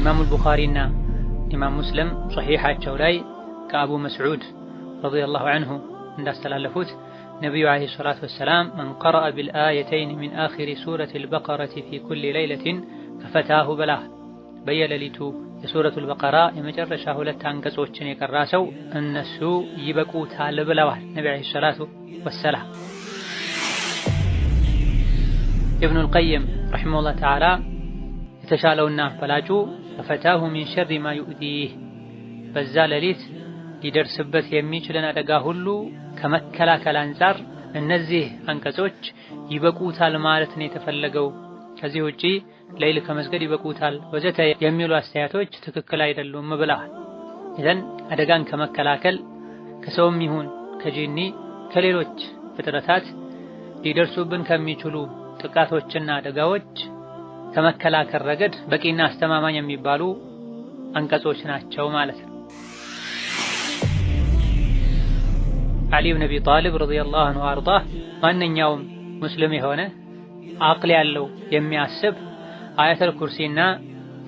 إمام البخاري نا إمام مسلم صحيحة الشولاي كأبو مسعود رضي الله عنه عند السلام لفوت نبي عليه الصلاة والسلام من قرأ بالآيتين من آخر سورة البقرة في كل ليلة ففتاه بلاه بيل ليتو سورة البقرة يمجر شاهولة تانكس وشنيك الراسو النسو يبكو تالب لوال نبي عليه الصلاة والسلام ابن القيم رحمه الله تعالى የተሻለውና ፈላጩ ፈታሁ ሚን ሸሪ ማ ዩእቲህ በዛ ሌሊት ሊደርስበት የሚችልን አደጋ ሁሉ ከመከላከል አንጻር እነዚህ አንቀጾች ይበቁታል ማለት ነው የተፈለገው። ከዚህ ውጪ ለይል ከመስገድ ይበቁታል ወዘተ የሚሉ አስተያየቶች ትክክል አይደሉም ብለዋል። ይዘን አደጋን ከመከላከል ከሰውም ይሁን ከጂኒ ከሌሎች ፍጥረታት ሊደርሱብን ከሚችሉ ጥቃቶችና አደጋዎች ከመከላከል ረገድ በቂና አስተማማኝ የሚባሉ አንቀጾች ናቸው ማለት ነው። አሊ ብን አቢ ጣሊብ ረዲየላሁ አንሁ አርዳ ማንኛውም ሙስሊም የሆነ አቅል ያለው የሚያስብ አያተል ኩርሲና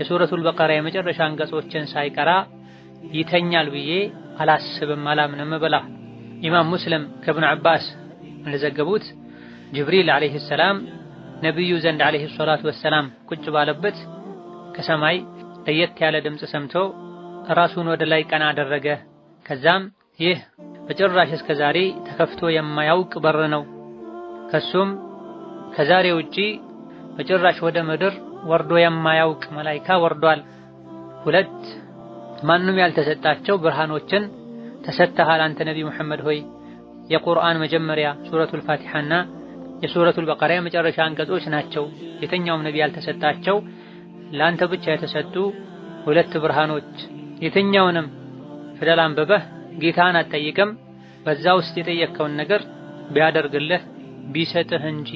የሱረቱል በቀራ የመጨረሻ አንቀጾችን ሳይቀራ ይተኛል ብዬ አላስብም አላምንም ብላ ኢማም ሙስሊም ከብኑ አባስ እንደዘገቡት ጅብሪል አለይሂ ሰላም ነቢዩ ዘንድ ዓለይሂ ሰላቱ ወሰላም ቁጭ ባለበት ከሰማይ ለየት ያለ ድምፅ ሰምቶ ራሱን ወደ ላይ ቀና አደረገ። ከዛም ይህ በጭራሽ እስከ ዛሬ ተከፍቶ የማያውቅ በር ነው፣ ከሱም ከዛሬ ውጪ በጭራሽ ወደ ምድር ወርዶ የማያውቅ መላይካ ወርዷል። ሁለት ማንም ያልተሰጣቸው ብርሃኖችን ተሰጥተሃል አንተ ነቢ ሙሐመድ ሆይ የቁርአን መጀመሪያ ሱረቱል ፋቲሐና የሱረቱል በቀራ የመጨረሻ አንቀጾች ናቸው። የተኛውም ነቢ ያልተሰጣቸው ለአንተ ብቻ የተሰጡ ሁለት ብርሃኖች። የትኛውንም ፊደል አንብበህ ጌታን አትጠይቅም፣ በዛ ውስጥ የጠየቅከውን ነገር ቢያደርግልህ ቢሰጥህ እንጂ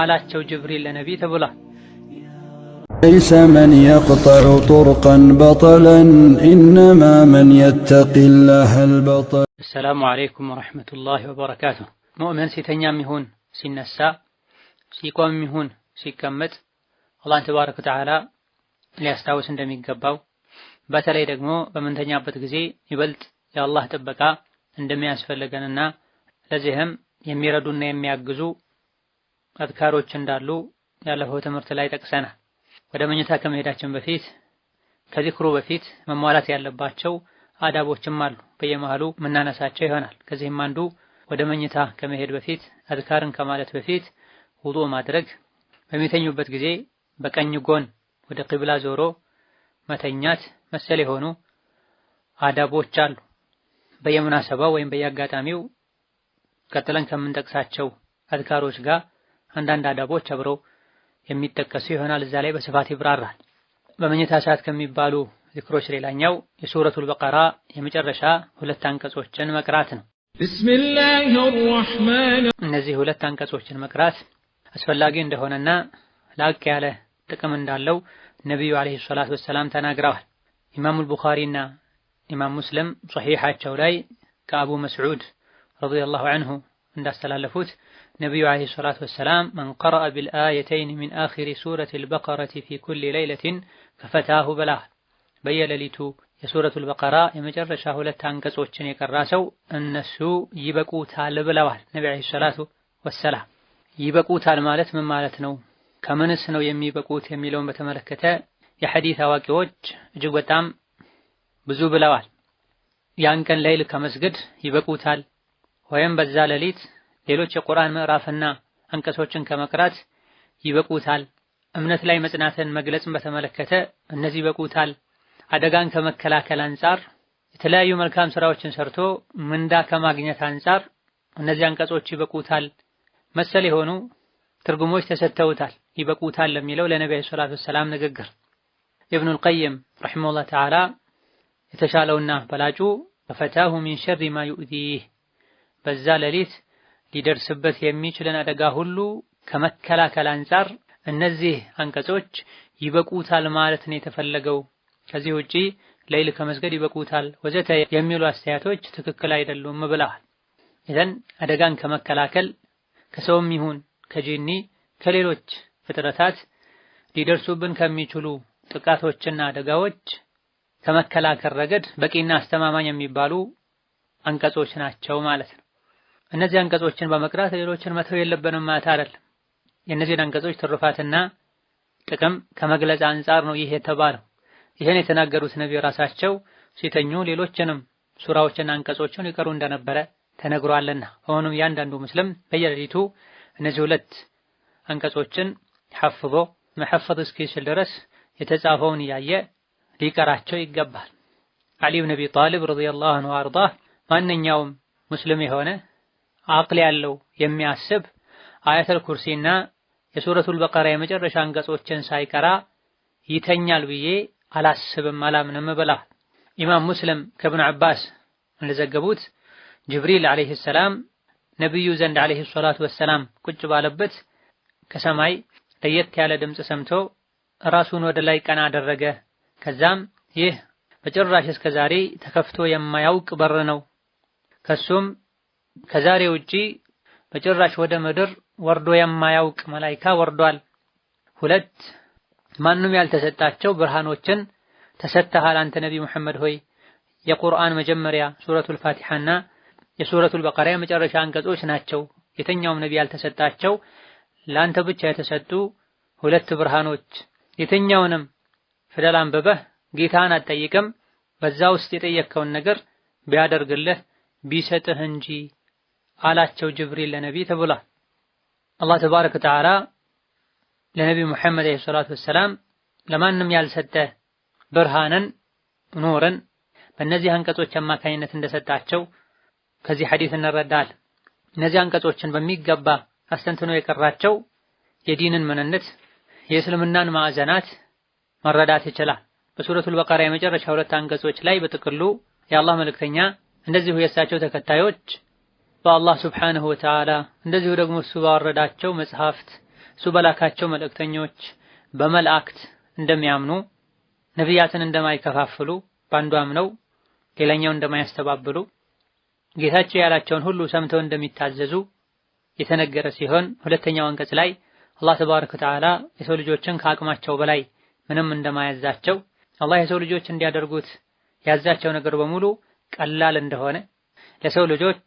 አላቸው ጅብሪል ለነቢ ተብሏል። ليس من يقطع طرقا بطلا إنما من يتقي الله البطل السلام عليكم ورحمة الله وبركاته ሙእመን ሴተኛም ይሁን ሲነሳ ሲቆም ይሁን ሲቀመጥ አላህን ተባረከ ወተዓላ ሊያስታውስ እንደሚገባው በተለይ ደግሞ በምንተኛበት ጊዜ ይበልጥ የአላህ ጥበቃ እንደሚያስፈልገንና ለዚህም የሚረዱና የሚያግዙ አዝካሮች እንዳሉ ያለፈው ትምህርት ላይ ጠቅሰናል። ወደ መኝታ ከመሄዳችን በፊት ከዚክሩ በፊት መሟላት ያለባቸው አዳቦችም አሉ። በየመሃሉ የምናነሳቸው ይሆናል። ከዚህም አንዱ ወደ መኝታ ከመሄድ በፊት አዝካርን ከማለት በፊት ውዱእ ማድረግ፣ በሚተኙበት ጊዜ በቀኝ ጎን ወደ ቂብላ ዞሮ መተኛት መሰል የሆኑ አዳቦች አሉ። በየሙናሰባው ወይም በየአጋጣሚው ቀጥለን ከምንጠቅሳቸው አዝካሮች ጋር አንዳንድ አዳቦች አብረው የሚጠቀሱ ይሆናል። እዛ ላይ በስፋት ይብራራል። በመኝታ ሰዓት ከሚባሉ ዚክሮች ሌላኛው የሱረቱል በቀራ የመጨረሻ ሁለት አንቀጾችን መቅራት ነው። ቢስሚላሂ እነዚህ ሁለት አንቀጾችን መቅራት አስፈላጊ እንደሆነና ላቅ ያለ ጥቅም እንዳለው ነቢዩ ዓለይሂ ሰላቱ ወሰላም ተናግረዋል። ኢማሙል ቡኻሪና ኢማም ሙስሊም ሶሒሓቸው ላይ ከአቡ መስዑድ ረዲየላሁ አንሁ እንዳስተላለፉት ነቢዩ ዓለይሂ ሰላቱ ወሰላም መን ቀረአ ቢልአየተይን ሚን አኺሪ ሱረቲል በቀረቲ ፊ ኩሊ ሌይለቲን ከፈታሁ ብለዋል። በየሌሊቱ የሱረቱል በቀራ የመጨረሻ ሁለት አንቀጾችን የቀራ ሰው እነሱ ይበቁታል ብለዋል ነቢ ዓለይሂ ሰላቱ ወሰላም። ይበቁታል ማለት ምን ማለት ነው? ከምንስ ነው የሚበቁት የሚለውን በተመለከተ የሐዲት አዋቂዎች እጅግ በጣም ብዙ ብለዋል። ያን ቀን ሌሊት ከመስገድ ይበቁታል ወይም በዛ ሌሊት ሌሎች የቁርአን ምዕራፍና አንቀሶችን ከመቅራት ይበቁታል። እምነት ላይ መጽናትን መግለጽን በተመለከተ እነዚህ ይበቁታል አደጋን ከመከላከል አንጻር የተለያዩ መልካም ስራዎችን ሰርቶ ምንዳ ከማግኘት አንጻር እነዚህ አንቀጾች ይበቁታል መሰል የሆኑ ትርጉሞች ተሰጥተውታል። ይበቁታል ለሚለው ለነቢዩ ሰላቱ ሰላም ንግግር ኢብኑል ቀይም ረሒመሁላህ ተዓላ የተሻለውና በላጩ ወፈታሁ ሚን ሸሪ ማ ዩእዚህ በዛ ሌሊት ሊደርስበት የሚችልን አደጋ ሁሉ ከመከላከል አንጻር እነዚህ አንቀጾች ይበቁታል ማለት ነው የተፈለገው ከዚህ ውጪ ለይል ከመስገድ ይበቁታል ወዘተ የሚሉ አስተያየቶች ትክክል አይደሉም ብለዋል። ኢዘን አደጋን ከመከላከል ከሰውም ይሁን ከጂኒ ከሌሎች ፍጥረታት ሊደርሱብን ከሚችሉ ጥቃቶችና አደጋዎች ከመከላከል ረገድ በቂና አስተማማኝ የሚባሉ አንቀጾች ናቸው ማለት ነው። እነዚህ አንቀጾችን በመቅራት ሌሎችን መተው የለብንም ማለት አይደለም። የእነዚህን አንቀጾች ትሩፋትና ጥቅም ከመግለጽ አንጻር ነው ይህ የተባለው። ይህን የተናገሩት ነቢዩ ራሳቸው ሲተኙ ሌሎችንም ሱራዎችና አንቀጾችን ይቀሩ እንደነበረ ተነግሯልና፣ ሆኖም እያንዳንዱ ሙስልም በየሌሊቱ እነዚህ ሁለት አንቀጾችን ሐፍቦ መሐፈዝ እስኪችል ድረስ የተጻፈውን እያየ ሊቀራቸው ይገባል። አሊ ብን አቢ ጣሊብ ረዲየላሁ ዐንሁ አርዳህ ማንኛውም ሙስልም የሆነ አቅል ያለው የሚያስብ አያተል ኩርሲና የሱረቱል በቀራ የመጨረሻ አንቀጾችን ሳይቀራ ይተኛል ብዬ አላስብም አላምንም ብላ ኢማም ሙስሊም ከብኑ ዓባስ እንደዘገቡት ጅብሪል ዓለይሂ ሰላም ነቢዩ ዘንድ ዓለይሂ ሰላቱ ወሰላም ቁጭ ባለበት ከሰማይ ለየት ያለ ድምፅ ሰምቶ ራሱን ወደ ላይ ቀና አደረገ። ከዛም ይህ በጭራሽ እስከ ዛሬ ተከፍቶ የማያውቅ በር ነው፣ ከሱም ከዛሬ ውጪ በጭራሽ ወደ ምድር ወርዶ የማያውቅ መላይካ ወርዷል። ሁለት ማንም ያልተሰጣቸው ብርሃኖችን ተሰጥተሃል አንተ ነብይ መሐመድ ሆይ የቁርአን መጀመሪያ ሱረቱል ፋቲሃና የሱረቱል በቀራ የመጨረሻ አንቀጾች ናቸው። የተኛውም ነብይ ያልተሰጣቸው ላንተ ብቻ የተሰጡ ሁለት ብርሃኖች። የተኛውንም ፊደል አንብበህ ጌታን አትጠይቅም፣ በዛ ውስጥ የጠየከውን ነገር ቢያደርግልህ ቢሰጥህ እንጂ አላቸው ጅብሪል ለነቢይ ተብሏል። አላህ ተባረከ ወተዓላ ለነቢዩ ሙሐመድ ዓለይሂ ሰላቱ ወሰላም ለማንም ያልሰጠ ብርሃንን ኑርን በእነዚህ አንቀጾች አማካኝነት እንደሰጣቸው ከዚህ ሐዲስ እንረዳል እነዚህ አንቀጾችን በሚገባ አስተንትኖ የቀራቸው የዲንን ምንነት የእስልምናን ማዕዘናት መረዳት ይችላል። በሱረቱል በቀራ የመጨረሻ ሁለት አንቀጾች ላይ በጥቅሉ የአላህ መልእክተኛ እንደዚሁ የእሳቸው ተከታዮች በአላህ ሱብሓነሁ ወተዓላ እንደዚሁ ደግሞ እሱ ባወረዳቸው መጽሐፍት እሱ በላካቸው መልእክተኞች በመላእክት እንደሚያምኑ ነቢያትን እንደማይከፋፍሉ በአንዱ አምነው ሌላኛው እንደማያስተባብሉ ጌታቸው ያላቸውን ሁሉ ሰምተው እንደሚታዘዙ የተነገረ ሲሆን ሁለተኛው አንቀጽ ላይ አላህ ተባረከ ወተዓላ የሰው ልጆችን ከአቅማቸው በላይ ምንም እንደማያዛቸው አላህ የሰው ልጆች እንዲያደርጉት ያዛቸው ነገር በሙሉ ቀላል እንደሆነ ለሰው ልጆች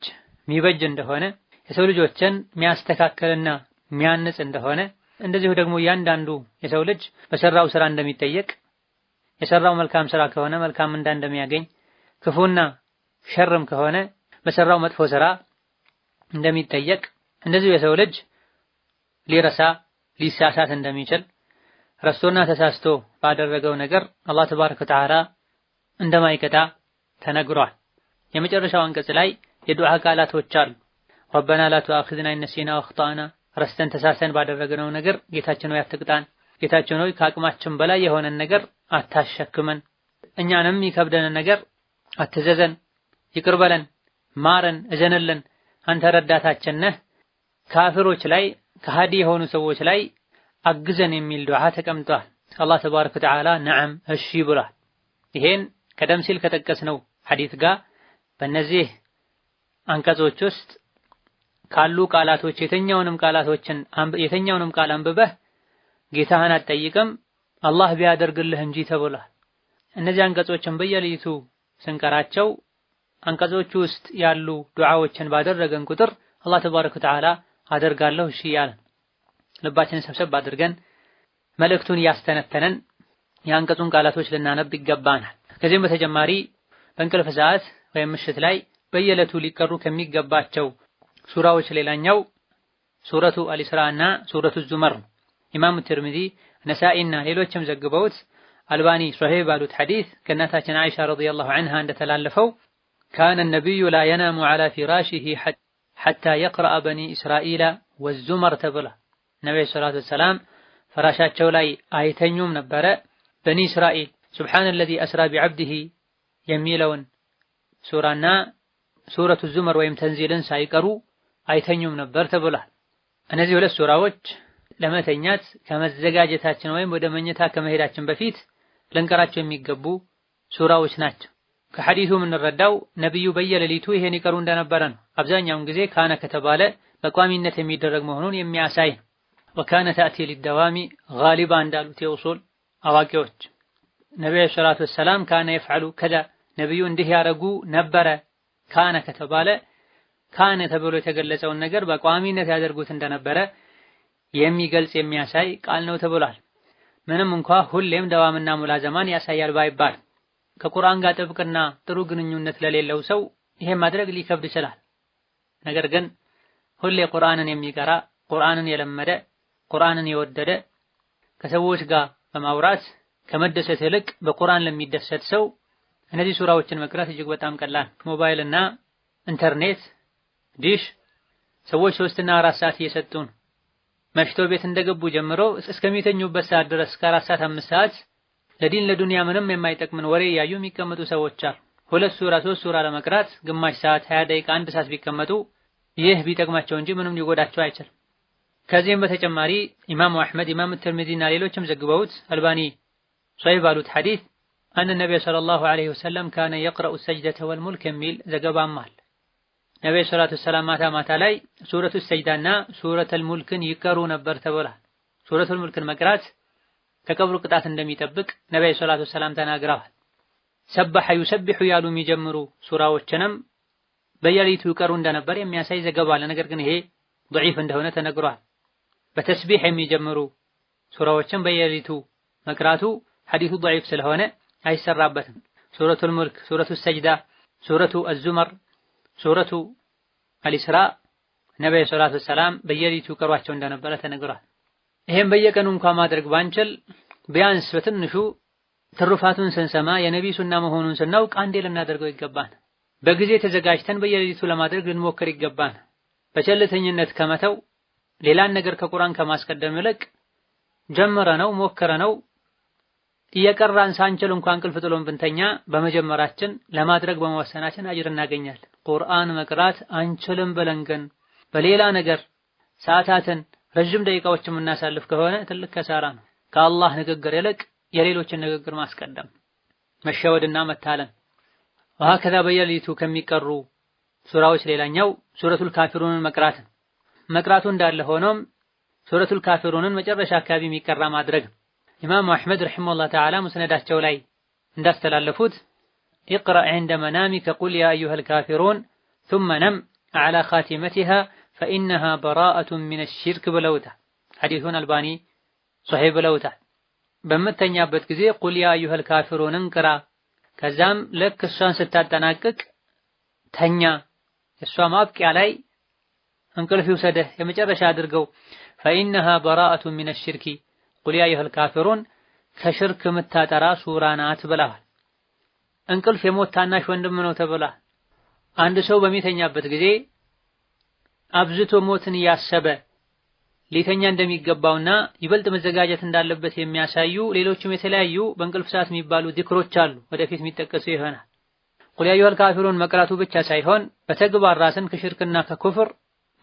የሚበጅ እንደሆነ የሰው ልጆችን የሚያስተካክልና የሚያንጽ እንደሆነ እንደዚሁ ደግሞ እያንዳንዱ የሰው ልጅ በሰራው ስራ እንደሚጠየቅ የሰራው መልካም ስራ ከሆነ መልካም ምንዳ እንደሚያገኝ ክፉና ሸርም ከሆነ በሰራው መጥፎ ስራ እንደሚጠየቅ እንደዚሁ የሰው ልጅ ሊረሳ ሊሳሳት እንደሚችል ረስቶና ተሳስቶ ባደረገው ነገር አላህ ተባረከ ወተዓላ እንደማይቀጣ ተነግሯል። የመጨረሻው አንቀጽ ላይ የዱዓ ቃላቶች አሉ። ረበና ላ ቱአኺዝና ኢን ነሲና ወአኽጣና ረስተን ተሳስተን ባደረግነው ነገር ጌታችን ሆይ አትቅጣን፣ ጌታችን ሆይ ከአቅማችን በላይ የሆነን ነገር አታሸክመን፣ እኛንም የከብደንን ነገር አትዘዘን፣ ይቅርበለን፣ ማረን፣ እዘንልን፣ አንተ ረዳታችን ነህ። ካፍሮች ላይ ከሃዲ የሆኑ ሰዎች ላይ አግዘን የሚል ዱዓ ተቀምጧል። አላህ ተባረከ ወተዓላ ነዓም እሺ ብሏል። ይሄን ቀደም ሲል ከጠቀስነው ሐዲት ጋር በእነዚህ አንቀጾች ውስጥ ካሉ ቃላቶች የተኛውንም ቃላቶችን የተኛውንም ቃል አንብበህ ጌታህን አትጠይቅም አላህ ቢያደርግልህ እንጂ ተብሏል። እነዚህ አንቀጾችን በየሌሊቱ ስንቀራቸው አንቀጾቹ ውስጥ ያሉ ዱዓዎችን ባደረገን ቁጥር አላህ ተባረከ ወተዓላ አደርጋለሁ እሺ ያለን ልባችንን ሰብሰብ አድርገን መልእክቱን እያስተነተነን የአንቀጹን ቃላቶች ልናነብ ይገባናል። ከዚህም በተጨማሪ በእንቅልፍ ሰዓት ወይም ምሽት ላይ በየዕለቱ ሊቀሩ ከሚገባቸው ሱራዎች ሌላኛው ሱረቱ አልኢስራ እና ሱረቱ ዙመር ነው። ኢማሙ ትርሚዚ ነሳኢና ሌሎችም ዘግበውት አልባኒ ሶሒህ ባሉት ሐዲስ ከእናታችን አይሻ ረዲየላሁ አንሃ እንደተላለፈው ካነ ነቢዩ ላ የናሙ ዐላ ፊራሺሂ ሐታ የቅረአ በኒ እስራኢላ ወዙመር ተብላ ነቢዩ ሰላቱ ወሰላም ፈራሻቸው ላይ አይተኙም ነበረ። በኒ እስራኤል ሱብሓነ አለዚ አስራ ቢዐብዲሂ የሚለውን ሱራና ሱረቱ ዙመር ወይም ተንዚልን ሳይቀሩ አይተኙም ነበር ተብሏል። እነዚህ ሁለት ሱራዎች ለመተኛት ከመዘጋጀታችን ወይም ወደ መኝታ ከመሄዳችን በፊት ልንቀራቸው የሚገቡ ሱራዎች ናቸው። ከሐዲሱ የምንረዳው ነቢዩ በየሌሊቱ ይሄን ይቀሩ እንደነበረ ነው። አብዛኛውን ጊዜ ካነ ከተባለ በቋሚነት የሚደረግ መሆኑን የሚያሳይ ነው። ወካነ ተእቲ ሊደዋሚ ጋሊባ እንዳሉት የውሱል አዋቂዎች ነቢዩ ሰላቱ ወሰላም ካነ የፍዓሉ ከዛ ነቢዩ እንዲህ ያደረጉ ነበረ ካነ ከተባለ ካነ ተብሎ የተገለጸውን ነገር በቋሚነት ያደርጉት እንደነበረ የሚገልጽ የሚያሳይ ቃል ነው ተብሏል። ምንም እንኳ ሁሌም ደዋምና ሙላዘማን ያሳያል ባይባል ከቁርአን ጋር ጥብቅና ጥሩ ግንኙነት ለሌለው ሰው ይሄን ማድረግ ሊከብድ ይችላል። ነገር ግን ሁሌ ቁርአንን የሚቀራ ቁርአንን የለመደ ቁርአንን የወደደ ከሰዎች ጋር በማውራት ከመደሰት ይልቅ በቁርአን ለሚደሰት ሰው እነዚህ ሱራዎችን መቅራት እጅግ በጣም ቀላል ሞባይልና ኢንተርኔት ዲሽ ሰዎች ሶስትና አራት ሰዓት እየሰጡን መሽቶ ቤት እንደገቡ ጀምሮ እስከሚተኙበት ሰዓት ድረስ ከአራት ሰዓት አምስት ሰዓት ለዲን ለዱንያ ምንም የማይጠቅምን ወሬ እያዩ የሚቀመጡ ሰዎች አሉ። ሁለት ሱራ ሶስት ሱራ ለመቅራት ግማሽ ሰዓት ሀያ ደቂቃ አንድ ሰዓት ቢቀመጡ ይህ ቢጠቅማቸው እንጂ ምንም ሊጎዳቸው አይችልም። ከዚህም በተጨማሪ ኢማሙ አሕመድ ኢማም ትርሚዚና ሌሎችም ዘግበውት አልባኒ ሶሒህ ባሉት ሐዲስ አን ነቢያ ሰለላሁ ዐለይሂ ወሰለም ካነ የቅረኡ ሰጅደተ ወልሙልክ የሚል ዘገባም አለ። ነብይ ሰለላሁ ዐለይሂ ማታ ማታ ላይ ሱረቱ ሰጅዳና ሱረቱል ሙልክን ይቀሩ ነበር ተብሏል። ሱረቱል ሙልክን መቅራት ከቀብሩ ቅጣት እንደሚጠብቅ ነብይ ሰለላሁ ዐለይሂ ወሰለም ተናግረዋል። ሰበሐ ዩሰብሑ ያሉ የሚጀምሩ ሱራዎችንም በየሌሊቱ ይቀሩ እንደነበር የሚያሳይ ዘገባ አለ። ነገር ግን ይሄ ضعيف እንደሆነ ተነግሯል። በተስቢህ የሚጀምሩ ሱራዎችን በየሌሊቱ መቅራቱ ሐዲሱ ضعيف ስለሆነ አይሰራበትም። ሱረቱል ሙልክ፣ ሱረቱ ሰጅዳ፣ ሱረቱ አዙመር ሱረቱ አልኢስራ ነቢዩ ሰላቱ ሰላም በየሊቱ ቀሯቸው እንደነበረ ተነግሯል። ይሄም በየቀኑ እንኳ ማድረግ ባንችል ቢያንስ በትንሹ ትሩፋቱን ስንሰማ የነቢ ሱና መሆኑን ስናውቅ አንዴ ልናደርገው ይገባን። በጊዜ ተዘጋጅተን በየሌሊቱ ለማድረግ ልንሞክር ይገባን። በቸልተኝነት ከመተው ሌላን ነገር ከቁርአን ከማስቀደም ይልቅ ጀመረ ነው ሞክረ ነው እየቀራን ሳንችል እንኳን እንቅልፍ ጥሎን ብንተኛ በመጀመራችን ለማድረግ በመወሰናችን አጅር እናገኛለን። ቁርአን መቅራት አንችልም ብለን ግን በሌላ ነገር ሰዓታትን ረዥም ደቂቃዎች የምናሳልፍ ከሆነ ትልቅ ከሳራ ነው። ከአላህ ንግግር ይልቅ የሌሎችን ንግግር ማስቀደም፣ መሸወድና መታለን። ወሀከዛ በየሌሊቱ ከሚቀሩ ሱራዎች ሌላኛው ሱረቱል ካፊሩንን መቅራት መቅራቱ እንዳለ ሆኖም ሱረቱል ካፊሩንን መጨረሻ አካባቢ የሚቀራ ማድረግ ኢማሙ አሕመድ ረሒመሁላህ ተዓላ ሙስነዳቸው ላይ እንዳስተላለፉት اقرأ عند منامك قل يا أيها الكافرون ثم نم على خاتمتها فإنها براءة من الشرك بلوته ሐዲሱን አልባኒ ሶሒህ ብለውታል። በምተኛበት ጊዜ ቁል ያ አዩሀል ካፊሩንን ቅራ። ከዛም ልክ እሷን ስታጠናቅቅ ተኛ። እሷ ማብቂያ ላይ እንቅልፍ ይውሰደህ የመጨረሻ አድርገው። ፈኢነሃ በራአቱን ሚነ ሽርኪ ቁል ያ አዩሀል ካፊሩን ከሽርክ የምታጠራ ሱራ ናት ብለዋል። እንቅልፍ የሞት ታናሽ ወንድም ነው ተብላ አንድ ሰው በሚተኛበት ጊዜ አብዝቶ ሞትን እያሰበ ሊተኛ እንደሚገባውና ይበልጥ መዘጋጀት እንዳለበት የሚያሳዩ ሌሎችም የተለያዩ በእንቅልፍ ሰዓት የሚባሉ ዚክሮች አሉ። ወደፊት የሚጠቀሱ ይሆናል። ቁል ያ አዩሀል ካፊሩን መቅራቱ ብቻ ሳይሆን በተግባር ራስን ከሽርክና ከኩፍር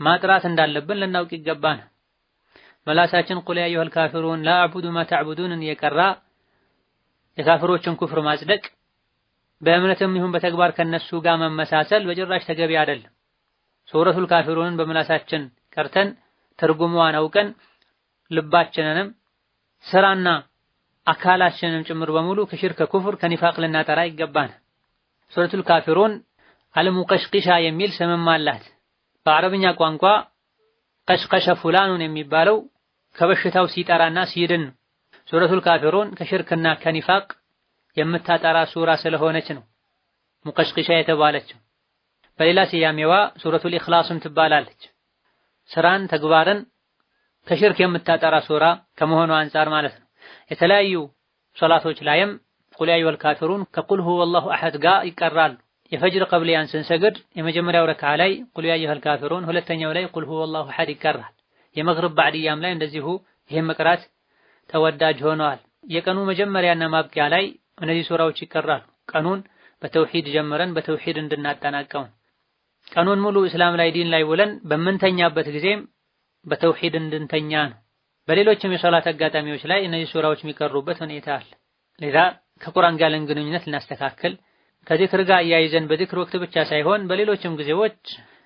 ማጥራት እንዳለብን ልናውቅ ይገባናል። መላሳችን ቁል ያ አዩሀል ካፊሩን ላ አዕቡዱ ማ ተዕቡዱንን የቀራ የካፍሮችን ኩፍር ማጽደቅ በእምነትም ይሁን በተግባር ከነሱ ጋር መመሳሰል በጭራሽ ተገቢ አይደለም። ሱረቱል ካፊሩንን በምላሳችን ቀርተን ትርጉሟን አውቀን ልባችንንም ስራና አካላችንንም ጭምር በሙሉ ከሽርክ ኩፍር፣ ከኒፋቅ ልናጠራ ይገባን። ሱረቱል ካፊሩን አልሙቀሽቅሻ የሚል ስምም አላት። በአረብኛ ቋንቋ ቀሽቀሸ ፉላኑን የሚባለው ከበሽታው ሲጠራና ሲድን ሱረቱል ካፊሩን ከሽርክና ከኒፋቅ የምታጠራ ሱራ ስለሆነች ነው ሙቀሽቅሻ የተባለችው። በሌላ ስያሜዋ ሱረቱል ኢኽላስም ትባላለች። ስራን ተግባርን ከሽርክ የምታጠራ ሱራ ከመሆኑ አንጻር ማለት ነው። የተለያዩ ሶላቶች ላይም ቁል ያዩል ካፊሩን ከቁል ሁወላሁ አሐድ ጋር ይቀራሉ። የፈጅር ቀብልያን ስንሰግድ የመጀመሪያው ረክዓ ላይ ቁል ያዩል ካፊሩን፣ ሁለተኛው ላይ ቁል ሁወላሁ አሐድ ይቀራል። የመግሪብ ባዕድያም ላይ እንደዚሁ ይህም መቅራት ተወዳጅ ሆነዋል። የቀኑ መጀመሪያና ማብቂያ ላይ እነዚህ ሱራዎች ይቀራሉ። ቀኑን በተውሂድ ጀምረን በተውሂድ እንድናጠናቀው ቀኑን ሙሉ እስላም ላይ ዲን ላይ ውለን በምንተኛበት ጊዜም በተውሂድ እንድንተኛ ነው። በሌሎችም የሶላት አጋጣሚዎች ላይ እነዚህ ሱራዎች የሚቀሩበት ሁኔታ አለ። ለዛ ከቁርአን ጋር ያለን ግንኙነት ልናስተካክል ከዚክር ጋር እያይዘን በዚክር ወቅት ብቻ ሳይሆን በሌሎችም ጊዜዎች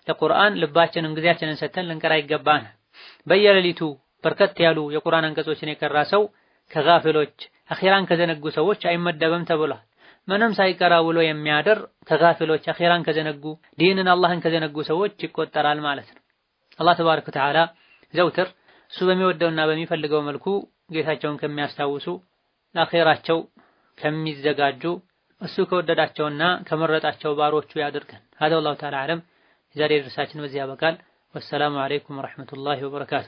ለቁርአን ልባችንን ጊዜያችንን ሰጥተን ልንቀራ ይገባናል። በየሌሊቱ በርከት ያሉ የቁርአን አንቀጾችን የቀራ ሰው ከጋፊሎች አኼራን ከዘነጉ ሰዎች አይመደብም ተብሏል። ምንም ሳይቀራ ውሎ የሚያደር ከጋፊሎች አኼራን ከዘነጉ ዲንን አላህን ከዘነጉ ሰዎች ይቆጠራል ማለት ነው። አላህ ተባረከ ወተዓላ ዘውትር እሱ በሚወደውና በሚፈልገው መልኩ ጌታቸውን ከሚያስታውሱ ለአኼራቸው ከሚዘጋጁ እሱ ከወደዳቸውና ከመረጣቸው ባሮቹ ያድርገን። ሀዛ ወላሁ ተዓላ አዕለም። የዛሬ ድርሳችን በዚህ ያበቃል። ወሰላሙ ዓለይኩም ወረሕመቱላሂ ወበረካቱ።